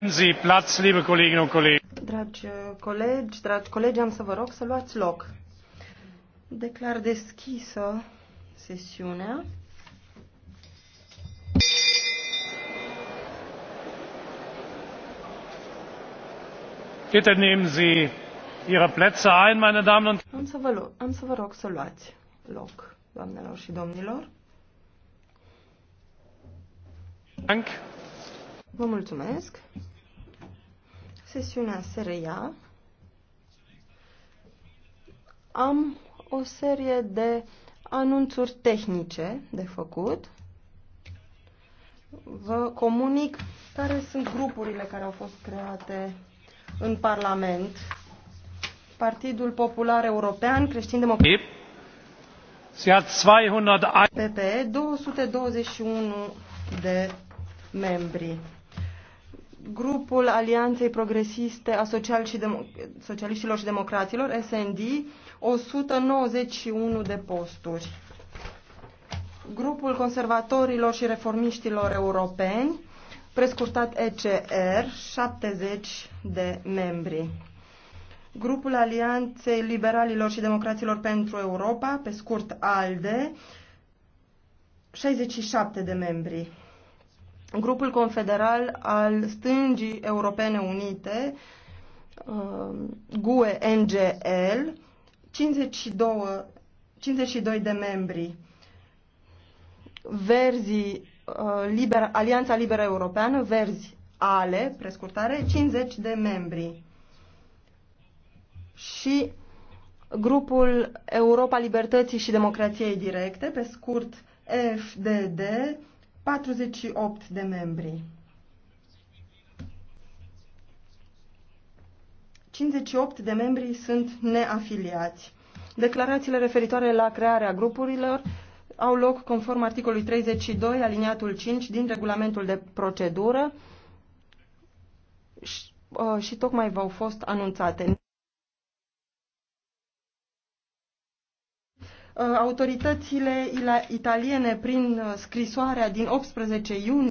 Sie Platz, liebe Kolleginnen und Kollegen. Dragi uh, colegi, dragi colegi, am să vă rog să luați loc. Declar deschisă sesiunea. Bitte nehmen Sie Ihre Plätze ein, meine Damen und Herren. Am să vă, am să vă rog să luați loc, doamnelor și domnilor. Dank. Vă mulțumesc. Sesiunea se reia. Am o serie de anunțuri tehnice de făcut. Vă comunic care sunt grupurile care au fost create în Parlament. Partidul Popular European, creștin democrat. PP, 221 de membri grupul Alianței Progresiste a Social și Demo- Socialiștilor și Democraților, SND, 191 de posturi. Grupul Conservatorilor și Reformiștilor Europeni, prescurtat ECR, 70 de membri. Grupul Alianței Liberalilor și Democraților pentru Europa, pe scurt ALDE, 67 de membri grupul confederal al stângii europene unite, GUE NGL, 52, 52 de membri. Verzi, uh, liber, Alianța Liberă Europeană, Verzi ale, prescurtare, 50 de membri. Și grupul Europa Libertății și Democrației Directe, pe scurt FDD, 48 de membri. 58 de membri sunt neafiliați. Declarațiile referitoare la crearea grupurilor au loc conform articolului 32, aliniatul 5 din regulamentul de procedură și, uh, și tocmai v-au fost anunțate. Uh, autoritățile italiene prin uh, scrisoarea din 18 iunie